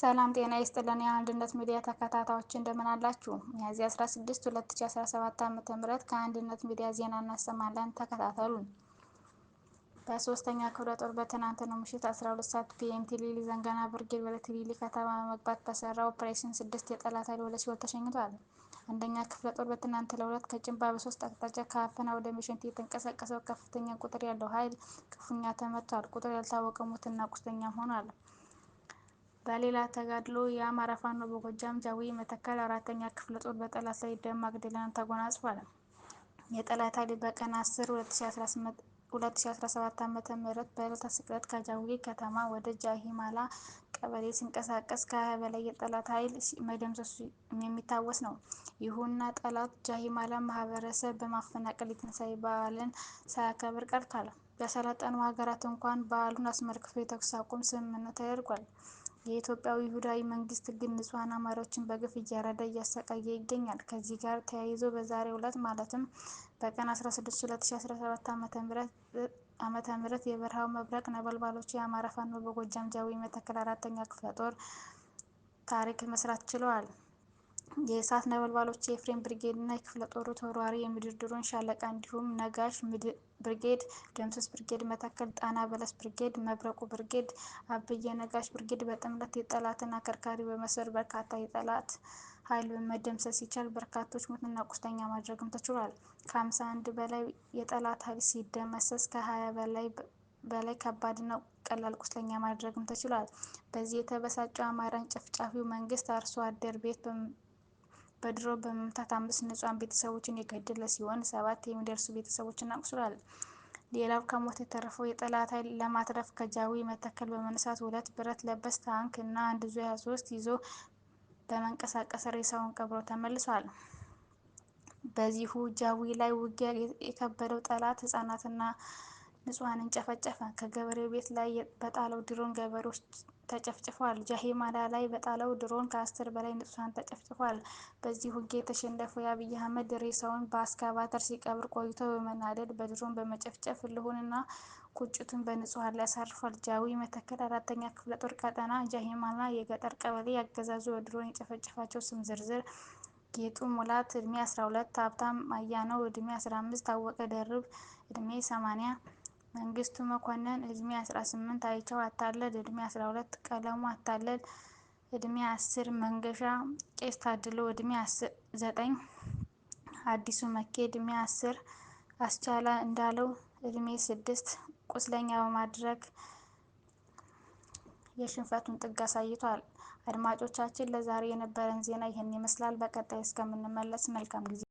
ሰላም ጤና ይስጥልን። የአንድነት ሚዲያ ተከታታዮች እንደምን አላችሁ? ሚያዝያ 16 2017 ዓ.ም ከአንድነት ሚዲያ ዜና እናሰማለን። ተከታተሉን። በሶስተኛ ክፍለ ጦር በትናንትናው ምሽት 12 ሰዓት ፒኤም ቲሊሊ ዘንገና ብርጌድ ወደ ቲሊሊ ከተማ በመግባት በሰራ ኦፕሬሽን ስድስት የጠላት ኃይል ወደ ሲኦል ተሸኝቷል። አንደኛ ክፍለ ጦር በትናንት ለሁለት ከጭንባ በሶስት አቅጣጫ ከአፈና ወደ ሚሽንቲ የተንቀሳቀሰው ከፍተኛ ቁጥር ያለው ኃይል ክፉኛ ተመቷል። ቁጥር ያልታወቀ ሙትና ቁስለኛም ሆኗል። በሌላ ተጋድሎ የአማራ ፋኖ በጎጃም ጃዊ መተከል አራተኛ ክፍለ ጦር በጠላት ላይ ደማቅ ድልን ተጎናጽፏል። የጠላት ኃይል በቀን 10 2017 ዓ ም በዕለተ ስቅለት ከጃዊ ከተማ ወደ ጃሂማላ ቀበሌ ሲንቀሳቀስ ከ በላይ የጠላት ኃይል መደምሰሱ የሚታወስ ነው። ይሁንና ጠላት ጃሂማላ ማህበረሰብ በማፈናቀል የትንሳኤ በዓልን ሳያከብር ቀርቷል። በሰለጠኑ ሀገራት እንኳን በዓሉን አስመልክቶ የተኩስ አቁም ስምምነት ተደርጓል። የኢትዮጵያ ይሁዳዊ መንግስት ግን ንጹሐን አማሪዎችን በግፍ እያረደ እያሰቃየ ይገኛል። ከዚህ ጋር ተያይዞ በዛሬው ዕለት ማለትም በቀን 16/2017 ዓመተ የበረሃው መብረቅ ነበልባሎች የአማራ ፋኖ በጎጃም ጃዊ መተከል አራተኛ ክፍለ ጦር ታሪክ መስራት ችለዋል። የእሳት ነበልባሎች የፍሬም ብርጌድ እና የክፍለ ጦሩ ተወርዋሪ የምድር ድሮን ሻለቃ እንዲሁም ነጋሽ ብርጌድ፣ ደምሰስ ብርጌድ፣ መተከል ጣና በለስ ብርጌድ፣ መብረቁ ብርጌድ፣ አብየ ነጋሽ ብርጌድ በጥምረት የጠላትን አከርካሪ በመስበር በርካታ የጠላት ኃይል መደምሰስ ሲቻል በርካቶች ሙትና ቁስለኛ ማድረግም ተችሏል። ከ51 በላይ የጠላት ኃይል ሲደመሰስ ከ20 በላይ በላይ ከባድና ቀላል ቁስለኛ ማድረግም ተችሏል። በዚህ የተበሳጨው አማራን ጨፍጫፊው መንግስት አርሶ አደር ቤት በድሮ በመምታት አምስት ንጹሐን ቤተሰቦችን የገደለ ሲሆን ሰባት የሚደርሱ ቤተሰቦችን አቁስሏል። ሌላው ከሞት የተረፈው የጠላት ኃይል ለማትረፍ ከጃዊ መተከል በመነሳት ሁለት ብረት ለበስ ታንክ እና አንድ ዙ 23 ይዞ በመንቀሳቀስ ሬሳውን ቀብሮ ተመልሷል። በዚሁ ጃዊ ላይ ውጊያ የከበደው ጠላት ህጻናትና ንጹሐንን ጨፈጨፈ። ከገበሬው ቤት ላይ በጣለው ድሮን ገበሬዎች ተጨፍጭፏል። ጃሂማላ ላይ በጣለው ድሮን ከአስር በላይ ንጹሐን ተጨፍጭፏል። በዚህ ውጊያ የተሸነፈው የአብይ አህመድ ሬሳውን በአስካቫተር ሲቀብር ቆይቶ በመናደድ በድሮን በመጨፍጨፍ እልሁንና ቁጭቱን በንጹሐን ላይ አሳርፏል። ጃዊ መተከል አራተኛ ክፍለ ጦር ቀጠና ጃሂማላ የገጠር ቀበሌ አገዛዙ በድሮን የጨፈጨፋቸው ስም ዝርዝር ጌጡ ሙላት ዕድሜ 12፣ ሀብታም አያነው ዕድሜ 15፣ ታወቀ ደርብ ዕድሜ 80 መንግስቱ መኮንን ዕድሜ 18 አይቸው አታለል ዕድሜ 12 ቀለሙ አታለል ዕድሜ 10 መንገሻ ቄስ ታድሎ ዕድሜ 9 አዲሱ መኬ ዕድሜ 10 አስቻለ እንዳለው ዕድሜ 6 ቁስለኛ በማድረግ የሽንፈቱን ጥግ አሳይቷል። አድማጮቻችን ለዛሬ የነበረን ዜና ይህን ይመስላል። በቀጣይ እስከምንመለስ መልካም ጊዜ